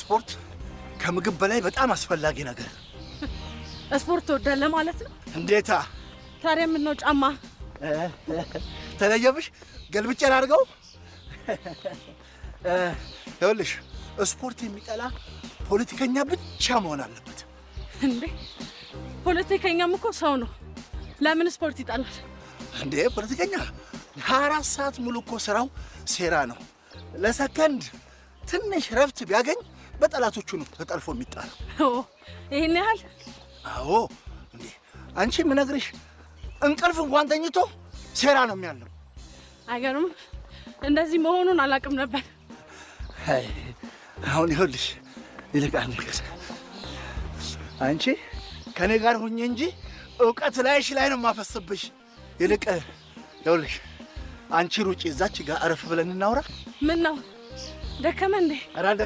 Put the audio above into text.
ስፖርት ከምግብ በላይ በጣም አስፈላጊ ነገር። ስፖርት ትወዳለህ ማለት ነው? እንዴታ! ታዲያ ነው ጫማ ተለየብሽ? ገልብጬ ላድርገው። ይኸውልሽ ስፖርት የሚጠላ ፖለቲከኛ ብቻ መሆን አለበት። እንዴ ፖለቲከኛም እኮ ሰው ነው። ለምን ስፖርት ይጠላል እንዴ? ፖለቲከኛ ሀያ አራት ሰዓት ሙሉ እኮ ስራው ሴራ ነው። ለሰከንድ ትንሽ ረፍት ቢያገኝ በጠላቶቹ ነው ተጠልፎ የሚጣለው። ይህን ያህል? አዎ። እንዴ አንቺ የምነግርሽ እንቅልፍ እንኳን ተኝቶ ሴራ ነው የሚያለው። አይገርም? እንደዚህ መሆኑን አላውቅም ነበር። አሁን ይኸውልሽ፣ ይልቃል አንድ ነገር አንቺ ከእኔ ጋር ሁኝ እንጂ እውቀት ላይሽ ላይ ነው የማፈስብሽ። ይልቅ ይኸውልሽ፣ አንቺ ሩጪ እዛች ጋር አረፍ ብለን እናውራ። ምን ነው ደከመ እንዴ?